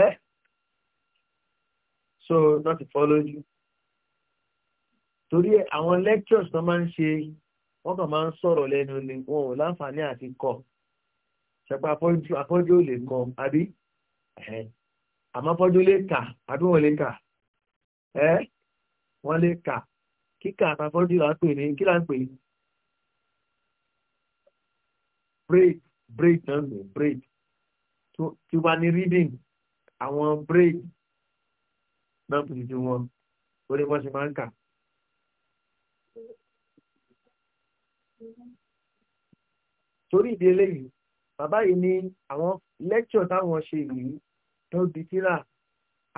ẹ́ so not to follow you. torí àwọn lectures tó máa ń ṣe wọ́n kàn máa ń sọ̀rọ̀ lẹ́nu ni wọn ò láǹfààní àti kọ́ sẹ́pẹ́ afọ́jú ò lè kọ àbí àmọ́ afọ́jú lè kà àbí wọ́n lè kà ẹ́ wọ́n lè kà kíkà àtàfọ́jú là ń pè ní kí là ń pè ní braid braid náà ní braid tí wọ́n ní reading àwọn braid náà pè ní wọn ó ní wọ́n ṣe máa ń kà. torí ìdí eléyìí bàbá yìí ní àwọn lẹ́kṣọ̀ táwọn ṣe yìí tó di tíra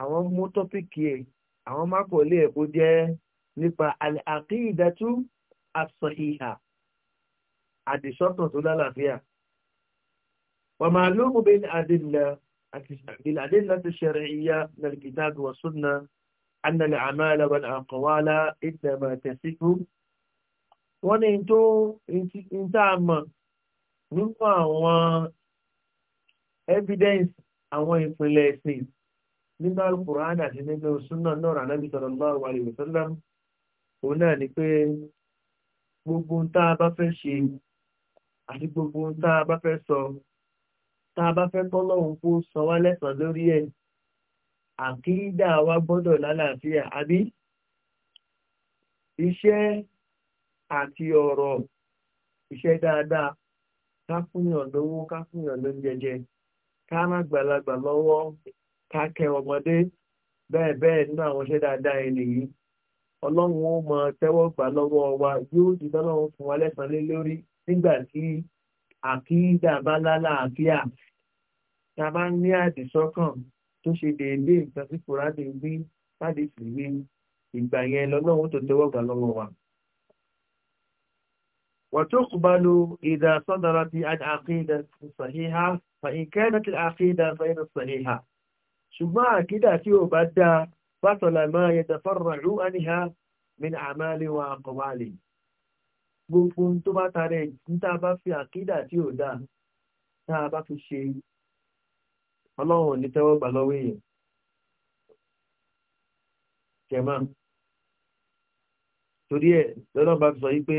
àwọn mú tọ́pìkì ẹ̀ àwọn mákòólé ẹ̀ kó jẹ́ nípa àkíyèdátú àsọ ìhà àdìsọ́tàn tó lálàáfíà. ومعلوم بين أدلة بالأدلة الشرعية من الكتاب والسنة أن الأعمال والأقوال إنما تسك wọ́n ní tó ń tá a mọ̀ nínú àwọn evidence àwọn ìpìlẹ̀ ẹ̀sìn nínú alukur'an àti nínú súnà náà rànábì sallallahu alaihi wasallam òun náà ni pé gbogbo tá a bá fẹ́ ṣe àti gbogbo tá a bá fẹ́ sọ tá a bá fẹ́ tọ́lọ́hun kó sọ wá lẹ́sàn lórí ẹ̀ àkídà wa gbọ́dọ̀ lálàáfíà àbí iṣẹ́ àti ọ̀rọ̀ iṣẹ́ dáadáa ká fúnyàn lówó ká fúnyàn lóúnjẹ jẹ ká má gbàlagbà lọ́wọ́ ká kẹ́ ọmọdé bẹ́ẹ̀ bẹ́ẹ̀ nínú àwọn iṣẹ́ dáadáa ẹ̀ nìyí ọlọ́run ó mọ tẹ́wọ́ gbà lọ́wọ́ wa yóò di tọ́lọ́run fún wa lẹ́sàn-án lé lórí nígbà tí àkídà bá lálàáfíà tá a bá ní àdìsọ́kàn tó ṣe déédéé nǹkan tí kòrádìí wí sádìsì wí ìgbà yẹn lọ́lọ́run tó tẹ́wọ́ gbà lọ́wọ́ wa. وتقبل إذا صدرت عن عقيدة صحيحة فإن كانت العقيدة غير صحيحة ثم عقيدة بدا بطل ما يتفرع عنها من أعمال وأقوال gbogbo tó bá tarẹ̀ níta bá fi àkídà tí ò dáa tá a bá fi ṣe ọlọ́run ní tẹ́wọ́ gbà lọ́wọ́ èèyàn kẹ̀mọ́ torí ẹ̀ lọ́nà bá fi sọ yí pé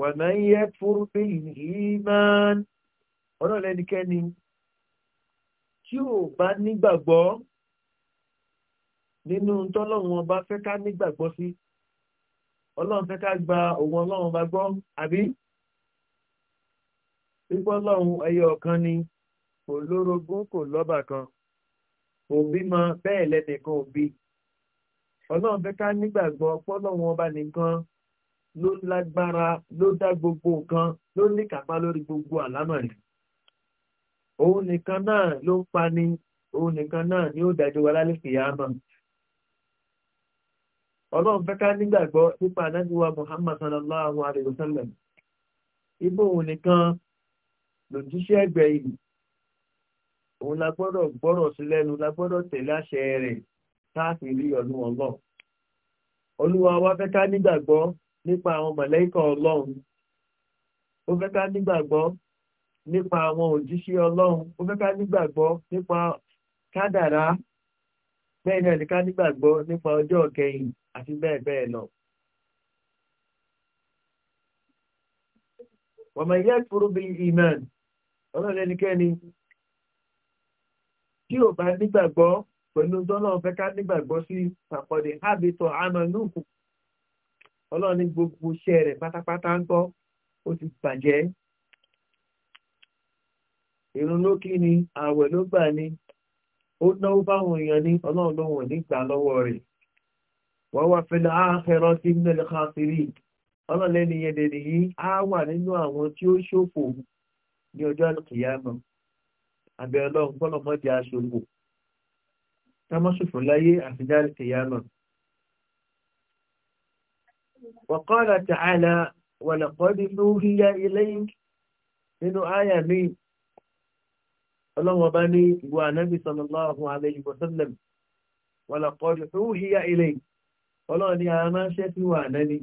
ومن يكفر بالإيمان ọ̀nà lẹ́nikẹ́ni tí ò bá nígbàgbọ́ nínú tọ́lọ́run ọba fẹ́ ká nígbàgbọ́ sí ọlọ́run fẹ́ ká gba òun ọlọ́run ọba gbọ́ àbí pípọ́ ọlọ́run ẹyọ ọ̀kan ni kò lórogún kò lọ́bà kan kò bímọ bẹ́ẹ̀ lẹ́nìkan òbí ọlọ́run fẹ́ ká nígbàgbọ́ pọ́lọ́run ọba nìkan ló lágbára ló dá gbogbo nǹkan ló ní kápá lórí gbogbo àlámọ̀ rẹ̀ òun nìkan náà ló ń pani òun nìkan náà ni ó dájọ́ wa lálẹ́ kìí àmọ́ ọlọ́run fẹ́ ká nígbàgbọ́ nípa anájúwa muhammad sallallahu alayhi wa sallam ibò òun nìkan lòjíṣẹ́ ẹgbẹ́ yìí òun la gbọ́dọ̀ gbọ́rọ̀ sí lẹ́nu la gbọ́dọ̀ tẹ̀lé àṣẹ rẹ̀ káàkiri ọdún ọlọ́ olúwa wa fẹ́ ká nígbàgbọ́ nípa àwọn mọ̀lẹ́kọ̀ ọlọ́run ó fẹ́ ká nígbàgbọ́ nípa àwọn òjíṣẹ́ ọlọ́run ó fẹ́ ká nígbàgbọ́ nípa kádàrá bẹ́ẹ̀ náà ní ká nígbàgbọ́ nípa ọjọ́ kẹyìn àti bẹ́ẹ̀ bẹ́ẹ̀ lọ. wọ́n máa yẹ fúru bí iman ọlọ́run ẹnikẹ́ni tí ò bá nígbàgbọ́ pẹ̀lú tọ́lọ́run fẹ́ ká nígbàgbọ́ sí pàpọ̀dé hábitọ̀ àmọ́ nùkùn ọlọ́run ní gbogbo iṣẹ́ rẹ̀ pátápátá ń gbọ́ ó ti bàjẹ́ ìrun ló kí ni ààwẹ̀ ló gbà ni ó náwó báwọn èèyàn ní ọlọ́run lóhùn nígbà lọ́wọ́ rẹ̀ wọ́n wá fẹ́lẹ̀ áhẹ́rọ́ sí nílẹ̀ kan sí rí ọlọ́run lẹ́ni yẹn dẹ̀dẹ̀ yìí á wà nínú àwọn tí ó ṣòfò ní ọjọ́ kìyàmọ́ àbẹ̀ ọlọ́run gbọ́dọ̀ mọ́ di aṣòfò tá má ṣòfò láyé àfijáde kìyàmọ́ وقال تعالى ولقد نوهي إليك nínú àyà mi ọlọ́wọ́ bá ní ìwà anábì sallallahu alayhi wa sallam wà lọ́kọ́dù tó híyà ilẹ̀ ọlọ́wọ́ ni a máa ṣẹ́ sí wà náni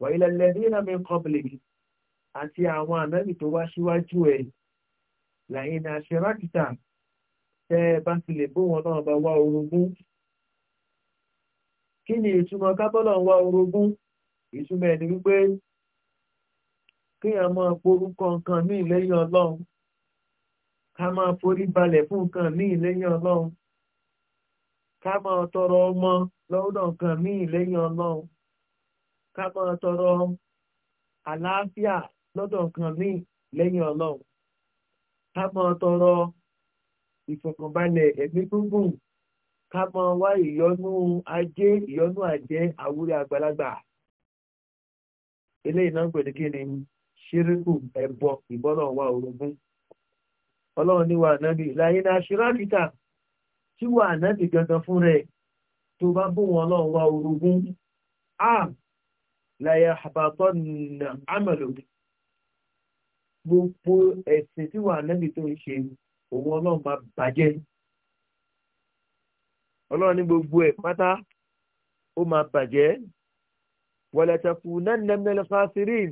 wà ilẹ̀ lẹ́dínà mi kọ́bìlìk àti àwọn anábì tó wá síwájú ẹ̀ làyìn àṣẹ rákìtà tẹ́ bá ti lè bó wọn náà bá wá orogún kí ni ìtumọ̀ kábọ́lọ̀ ń wá orogún ìtumọ̀ ẹni wípé kí a máa porúkọ nǹkan ní ìlẹ́yìn ọlọ́run ká máa forí balẹ̀ fún nǹkan ní ìlẹ́yìn ọlọ́run ká máa tọrọ ọmọ lọ́wọ́dọ̀ nǹkan ní ìlẹ́yìn ọlọ́run ká máa tọrọ àlàáfíà lọ́dọ̀ nǹkan ní lẹ́yìn ọlọ́run ká máa tọrọ ìfọ̀kànbalẹ̀ ẹ̀mí gbùngbùn ká máa wá ìyọnú ajé ìyọnú àjẹ àwúrí àgbàlagbà eléyìí náà ń pè ní kí ni ṣíríkù ẹ̀bọ ìbọ́lọ̀ wa orogún ọlọ́run ní wa ànábì láyé náà ṣíráàkìtà tí wa ànábì gangan fún rẹ̀ tó bá bú wọn ọlọ́run wa orogún a láyé àbátọ́ nà ámàlò gbogbo ẹ̀sìn tí wa ànábì tó ń ṣe òun ọlọ́run máa bàjẹ́ ọlọ́run ní gbogbo ẹ̀ pátá ó máa bàjẹ́ wọ̀lẹ̀tẹ̀kù nẹ́ẹ̀nẹ́mẹ́lẹ́ fásirìn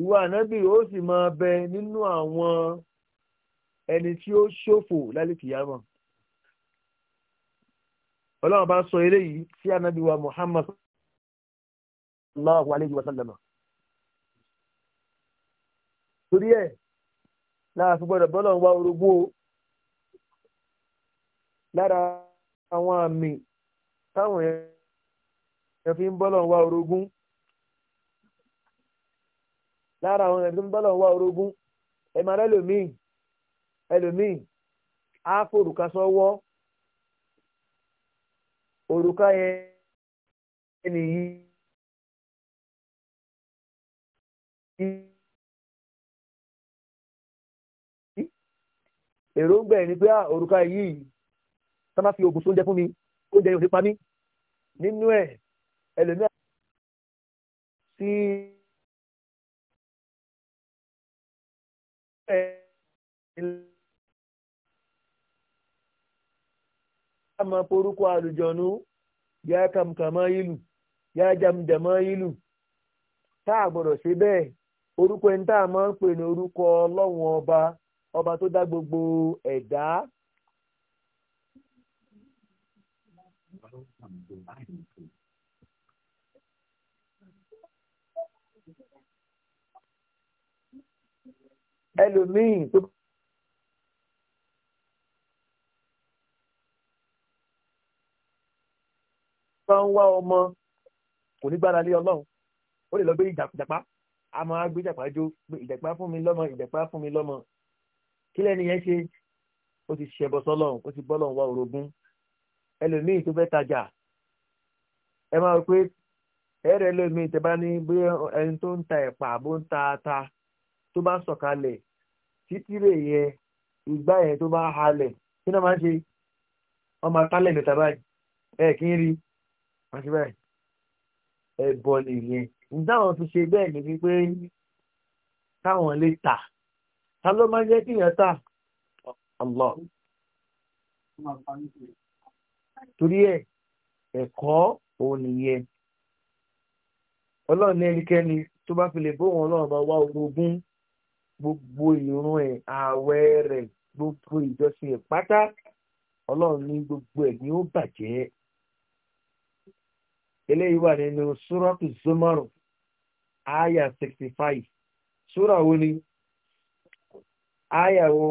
ìwà ànábì ó sì máa bẹ nínú àwọn ẹni tí ó ṣòfò lálẹ́ kìyàmọ̀ ọlọ́run bá sọ eléyìí sí ànábì wa muhammad sallallahu alayhi wa sallam torí ẹ̀ láàfin gbọ́dọ̀ bọ́lọ̀ ń wá orogún o. lára àwọn àmì táwọn èèyàn fi ń bọ́lọ̀ wá orogún lára fi ń orogún ẹ máa lẹ́lòmíì ẹlòmíì á forùka sọ́wọ́ òrùka yẹn èrò èròǹgbà ẹ̀ ni pé yìí. tí wọ́n bá fi oògùn sóúnjẹ fún mi oúnjẹ yóò fi pa mí nínú ẹ̀ ẹlòmíràn sí ẹ̀ àmọ́ forúkọ àlùjọ̀nù yá kàmkàmọ́ ìlú yá jàmjàmọ́ ìlú tá a gbọ́dọ̀ ṣe bẹ́ẹ̀ orúkọ ẹni tá a máa ń pè ní orúkọ ọlọ́run ọba ọba tó dá gbogbo ẹ̀dá ẹlòmíì tó bá ń wá ọmọ kò ní gbára lé ọlọ́run ó lè lọ gbé ìjàpá a máa gbé ìjàpá jó ìjàpá fún mi lọ́mọ ìjàpá fún mi lọ́mọ kí lẹ́ni yẹn ṣe ó ti ṣẹbọ sọ́lọ́run ó ti bọ́lọ́run wá orogún ẹlòmíì tó fẹ́ tajà ẹ máa rò pé ẹ̀rẹ̀ ẹlòmíì tẹ bá ní bí ẹni tó ń ta ẹ̀pà bó ń ta ata tó bá sọ̀kalẹ̀ títí rè yẹ ìgbà yẹn tó bá halẹ̀ kí náà máa ṣe wọ́n máa tálẹ̀ mẹ́ta báyìí kí ń rí ṣe nìyẹn ìdáhùn ṣe bẹ́ẹ̀ ni wípé káwọn lè torí ẹ̀ ẹ̀kọ́ òun nìyẹn ọlọ́run ní ẹnikẹ́ni tó bá fi lè bóun ọlọ́run bá wá orogún gbogbo ìrun ẹ̀ ààwẹ̀ rẹ̀ gbogbo ìjọsìn ẹ̀ pátá ọlọ́run ní gbogbo ẹ̀ ni ó bàjẹ́ eléyìí wà nínú súrọ́tù zomaru aya sixty five súrà wo ni aya wo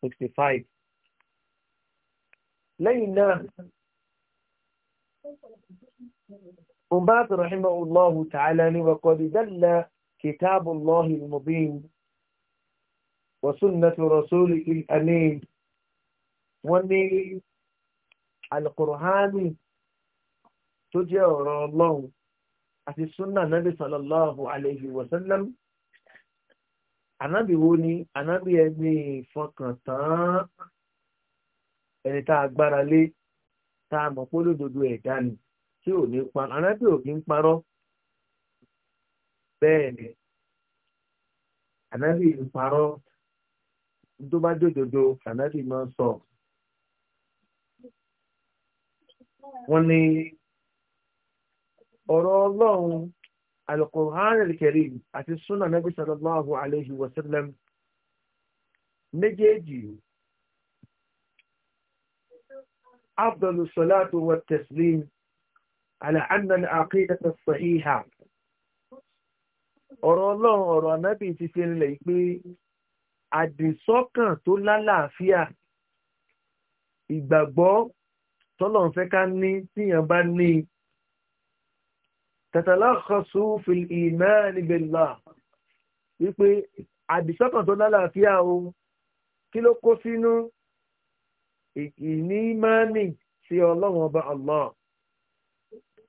sixty five lẹ́yìn náà مبات رحمه الله تعالى وقد دل كتاب الله المبين وسنة رسوله الأمين وني القرآن تجي الله àti súnà náàbí sọ̀lọ́lọ́ọ̀bù àlejò wọ̀sánlẹ́m anábì wo ni anábì ẹni fọkàn tán ẹni tá a gbára lé tá a mọ̀ pé olódodo ẹ̀dá ni tí ò ní pa anábì ò kí ń parọ́ bẹ́ẹ̀ ni anábì ń parọ́ tó bá jòjòjò anábì máa ń sọ. wọ́n ní ọ̀rọ̀ ọlọ́run alukur'an al-karim àti sunan nabi sallallahu alayhi wa sallam méjèèjì أفضل الصلاة والتسليم على أن العقيدة الصحيحة ọ̀rọ̀ ọlọ́run ọ̀rọ̀ ànábì ti fi rinlẹ̀ pé àdìsọ́kàn tó lálàáfíà ìgbàgbọ́ tọ́lọ́run fẹ́ ká ní tíyàn bá ní tatalakhasu fil iman billah wípé àdìsọ́kàn tó lálàáfíà o kí ló kó sínú ìní mánì sí ọlọ́run ọba Allah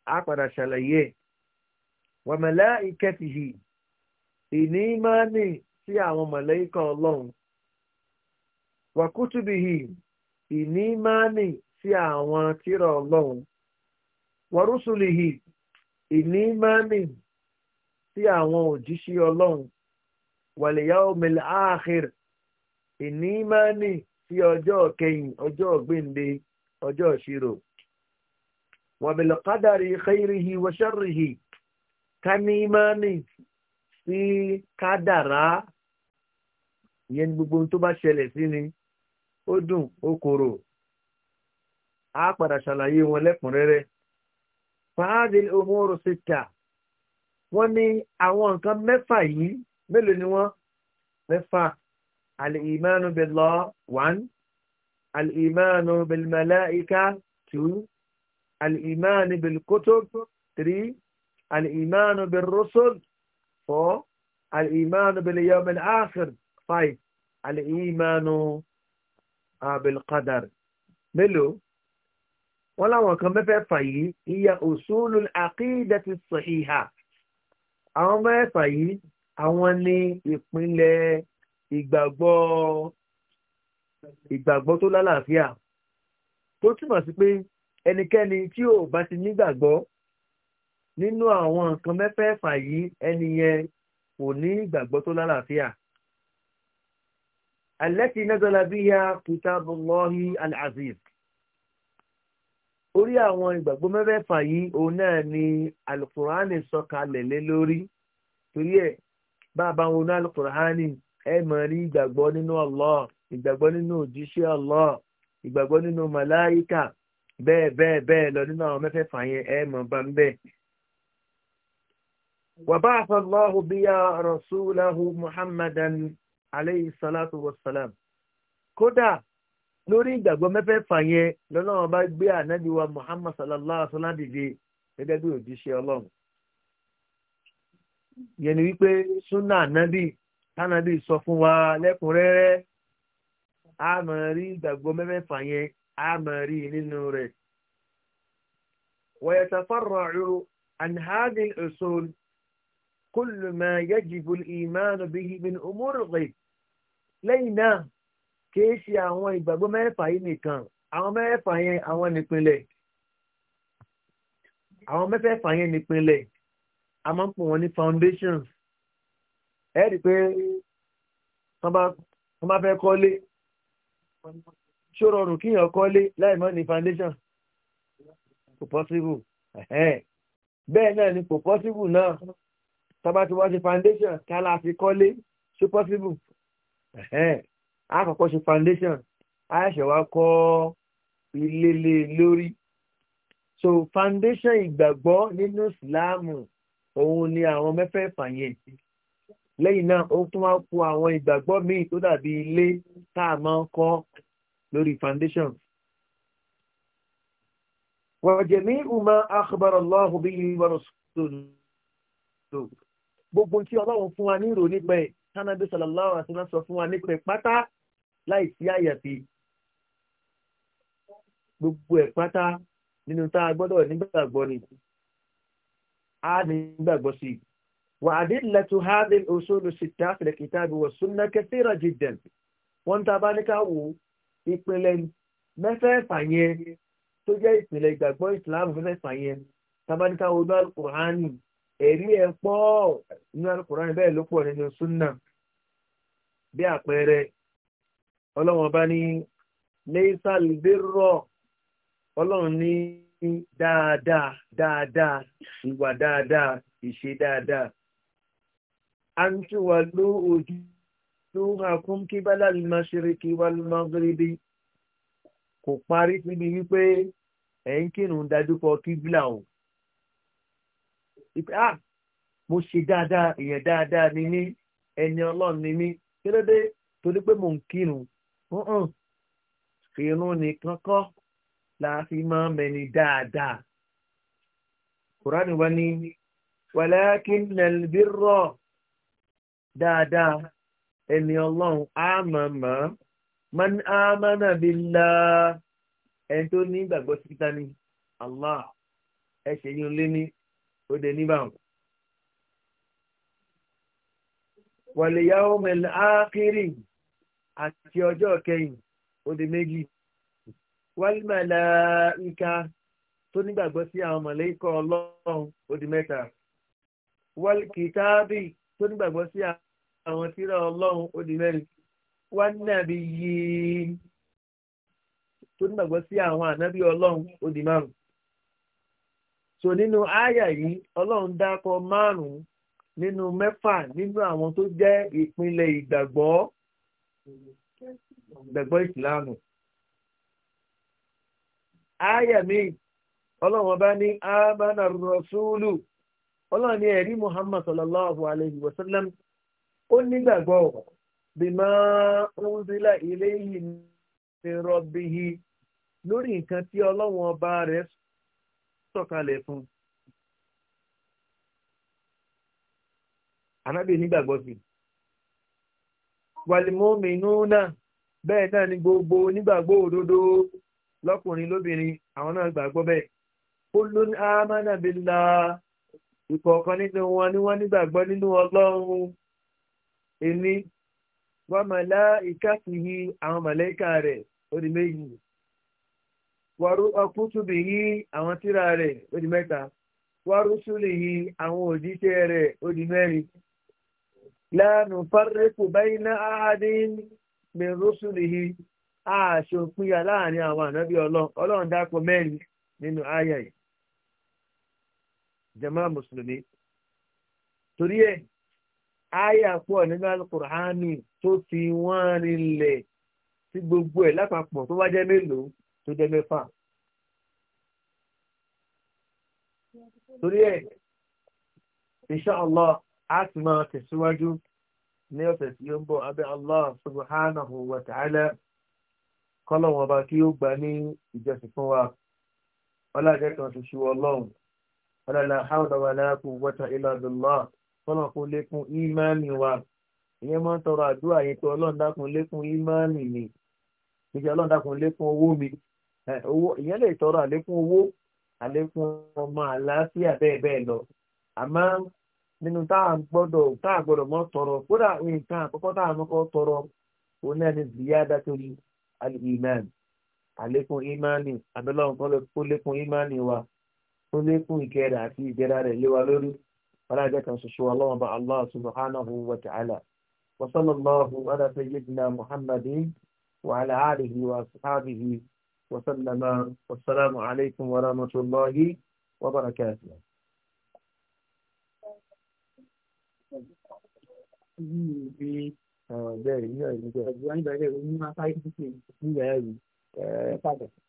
á padà ṣàlàyé wa malaikatihi ìní mánì sí àwọn màláíkà ọlọ́run wa kutubihi ìní mánì sí àwọn tírà ọlọ́run wa rusulihi ìní mánì sí àwọn òjíṣẹ́ ọlọ́run wal yawmil akhir ìní mánì sí ọjọ́ kẹyìn ọjọ́ gbẹ̀ǹde ọjọ́ ìṣirò wàbẹ̀lẹ̀ kádàrí xeyìrìhì wọ́ṣẹ́rìhì ká ní ìmánì sí kádàrá ìyẹn gbogbo tó bá ṣẹlẹ̀ sí ni ó dùn ó korò á padà ṣàlàyé wọn lẹ́kùnrẹ́rẹ́ fàádé omoro síta wọ́n ní àwọn nǹkan mẹ́fà yìí mélòó ni wọ́n mẹ́fà. الإيمان بالله 1 الإيمان بالملائكة 2 الإيمان بالكتب 3 الإيمان بالرسل 4 الإيمان باليوم الآخر 5 الإيمان آه، بالقدر ملو ولا وكان مفعفع هي أصول العقيدة الصحيحة أما مفعفع àwọn ní ìpínlẹ̀ ìgbàgbọ́ ìgbàgbọ́ tó lálàáfíà tó túmọ̀ sí pé ẹnikẹ́ni tí ò bá ti nígbàgbọ́ nínú àwọn nǹkan mẹ́fẹ̀ẹ̀fà yìí ẹni yẹn kò ní ìgbàgbọ́ tó lálàáfíà. alẹ́tì nazala biha kitabullahi al-aziz orí àwọn ìgbàgbọ́ mẹ́fẹ̀ẹ̀fà yìí òun náà ni alukur'ani sọ̀kalẹ̀ lé lórí torí ẹ̀ bá a bá wọn ní alukur'ani ẹ máa rí ìgbàgbọ́ nínú Allah ìgbàgbọ́ nínú òjíṣẹ́ Allah ìgbàgbọ́ nínú màláíkà bẹ́ẹ̀ bẹ́ẹ̀ bẹ́ẹ̀ lọ nínú àwọn mẹ́fẹ̀ẹ̀fà yẹn ẹ máa bá ń bẹ́ẹ̀. وبعث الله بها رسوله محمدا عليه الصلاة والسلام kódà lórí ìgbàgbọ́ mẹ́fẹ̀ẹ̀fà yẹn lọ́lọ́run bá gbé ànábì muhammad sallallahu alaihi wa sallam dìde gẹ́gẹ́ bí òjíṣẹ́ tánàbí sọ fún wa lẹ́kùnrẹ́rẹ́ a mọ̀ rí ìgbàgbọ́ mẹ́fẹ̀ẹ̀fà yẹn a mọ̀ rí nínú rẹ̀. ويتفرع عن هذه الأصول كل ما يجب الإيمان به من أمور الغيب lẹ́yìn náà kìí ṣe àwọn ìgbàgbọ́ mẹ́fà yìí nìkan àwọn mẹ́fà yẹn àwọn nípìnlẹ̀ àwọn mẹ́fẹ̀ẹ̀fà yẹn nípìnlẹ̀ a máa ń pè wọ́n ní foundations ẹ rí i pé wọ́n bá fẹ́ kọ́lé ṣó rọrùn kíyàn kọ́lé láì mọ́ ní foundation kò possible bẹ́ẹ̀ náà ni kò possible náà tọ́ba ti wá ṣe foundation kálá fi kọ́lé ṣó possible a kọ́kọ́ ṣe foundation a ṣẹ̀ wá kọ́ ilé lórí so foundation ìgbàgbọ́ nínú ìsìláàmù òun ni àwọn mẹ́fẹ̀ẹ̀fà yẹn lẹ́yìn náà ó tún wá kó àwọn ìgbàgbọ́ míì tó dàbí ilé tá a máa ń kọ́ lórí foundation. wọ̀jẹ̀mí umar akhbar allahu bí ìwọ̀n sọ̀rọ̀ gbogbo tí ọlọ́run fún wa ní ìrò nípa ẹ̀ tánàbí sallallahu alaihi wasallam sọ fún wa nípa ẹ̀ pátá láì sí àyàfi gbogbo ẹ̀ pátá nínú tá a gbọ́dọ̀ nígbàgbọ́ ni a nígbàgbọ́ sí i. وأدلة هذه الأصول الستة في الكتاب والسنة كثيرة جدا wọ́n ta bá ní ká wo ìpínlẹ̀ mẹ́fẹ̀ẹ̀fà yẹn tó jẹ́ ìpínlẹ̀ ìgbàgbọ́ ìsìláàmù mẹ́fẹ̀ẹ̀fà yẹn ta bá ní ká wo inú alukùránì ẹ̀rí ẹ̀ pọ̀ inú alukùránì bẹ́ẹ̀ ló pọ̀ nínú súnà bí àpẹẹrẹ ọlọ́wọ́n bá ní lẹ́sàlbérọ̀ ọlọ́run ní dáadáa dáadáa ìwà dáadáa ìṣe dáadáa أن تولوا وجوهكم قبل المشرق والمغرب kò parí níbi wípé ẹ̀ ń kírun dájú kọ kíbílà o ìpè ah mo ṣe dáadáa èèyàn dáadáa ni mí ẹni ọlọ́run ni mí kí ló dé torí pé mò ń kírun irun nìkan kọ́ la fi máa mẹni dáadáa kùránì wa ni wàlákìnnà bírọ̀ dáadáa ẹni ọlọ́run àmọ̀mọ́ mọ́ni àmọ́nà bí la ẹni tó ní ìgbàgbọ́ síkítà ni Allah ẹ ṣe yín lé ní òde níbàwọ̀n. wàlẹ̀ yàwó mẹ́lẹ̀ ákírì àti ọjọ́ kẹyìn òde méjì wàlímàlà ìka tó nígbàgbọ́ sí àwọn mọ̀lẹ́kọ̀ ọlọ́run òde mẹ́ta wàlíkìtàbí tó nígbàgbọ́ sí àwọn. àwọn tírà ọlọ́run ó di mẹ́rin wá yìí tó nígbàgbọ́ sí àwọn ànábì ọlọ́run so nínú àyà yìí ọlọ́run dákọ márùn nínú mẹ́fà nínú àwọn tó jẹ́ ìpínlẹ̀ ìgbàgbọ́ ìgbàgbọ́ ìsìláàmù. àyà mi ọlọ́run ọba ní amánà ọlọ́run ní ẹ̀rí muhammad sallallahu alayhi wa sallam. ó nígbàgbọ́ bímọ ounzila eléyìí ní rọbìhì lórí nǹkan tí ọlọ́run ọba rẹ̀ sọ̀kalẹ̀ fún un. ànábì nígbàgbọ́ sí bẹ́ẹ̀ ni gbogbo onígbàgbọ́ òdodo lọ́kùnrin lóbìnrin àwọn náà gbàgbọ́ bẹ́ẹ̀ kúlú la ìkọ̀ọ̀kan nínú wọn ni wọ́n nígbàgbọ́ nínú ọlọ́run Eni, wà màlá ìkàkìhì àwọn màlẹ́kà rẹ̀ ó di méjì wàrú ọkùtùbì yìí àwọn tíra rẹ̀ ó mẹ́ta wàrú súlì àwọn òjíṣẹ́ rẹ̀ ó mẹ́rin lánàá fárẹ́kù báyìí ná áhádín mẹ́rún súlì yìí láàrin àwọn ànábì ọlọ́run dápọ̀ mẹ́rin nínú àyà jama mùsùlùmí torí ẹ̀ àyà pọ̀ nínú alukur'ani tó fi wọ́n rinlẹ̀ sí gbogbo ẹ̀ lápapọ̀ tó wá jẹ́ mélòó tó jẹ́ mẹ́fà. torí ẹ̀ insha Allah a ti máa tẹ̀síwájú ní ọ̀sẹ̀ tí ó ń bọ̀ abẹ́ Allah subhanahu wa ta'ala kọ́lọ̀wọ̀n ọba kí ó gbà ní ìjọsìn fún wa ọlá jẹ́ kan ọlọ́run ọlá la hawla wa la quwwata illa fọlọ́n kó lékún ímánì wa ìyẹn máa ń tọrọ àdúrà yẹn pé ọlọ́run dákun lékún ímánì mi ìjọ ọlọ́run dákun lékún owó mi ìyẹn lè tọrọ àlékún owó àlékún ọmọ àlàáfíà bẹ́ẹ̀ bẹ́ẹ̀ lọ àmọ́ nínú tá à ń gbọ́dọ̀ tá à gbọ́dọ̀ mọ́ tọrọ kódà nǹkan àkọ́kọ́ tá à ń kọ́ tọrọ àlékún lékún wa ó lékún ìkẹrẹ àti rẹ̀ léwa lórí. فلا كان سوى الله مع الله سبحانه وتعالى وصلى الله على سيدنا محمد وعلى آله وأصحابه وسلم والسلام عليكم ورحمة الله وبركاته bẹ́ẹ̀ ní ọ̀rẹ́ ìjọba ìjọba ìbẹ̀rẹ̀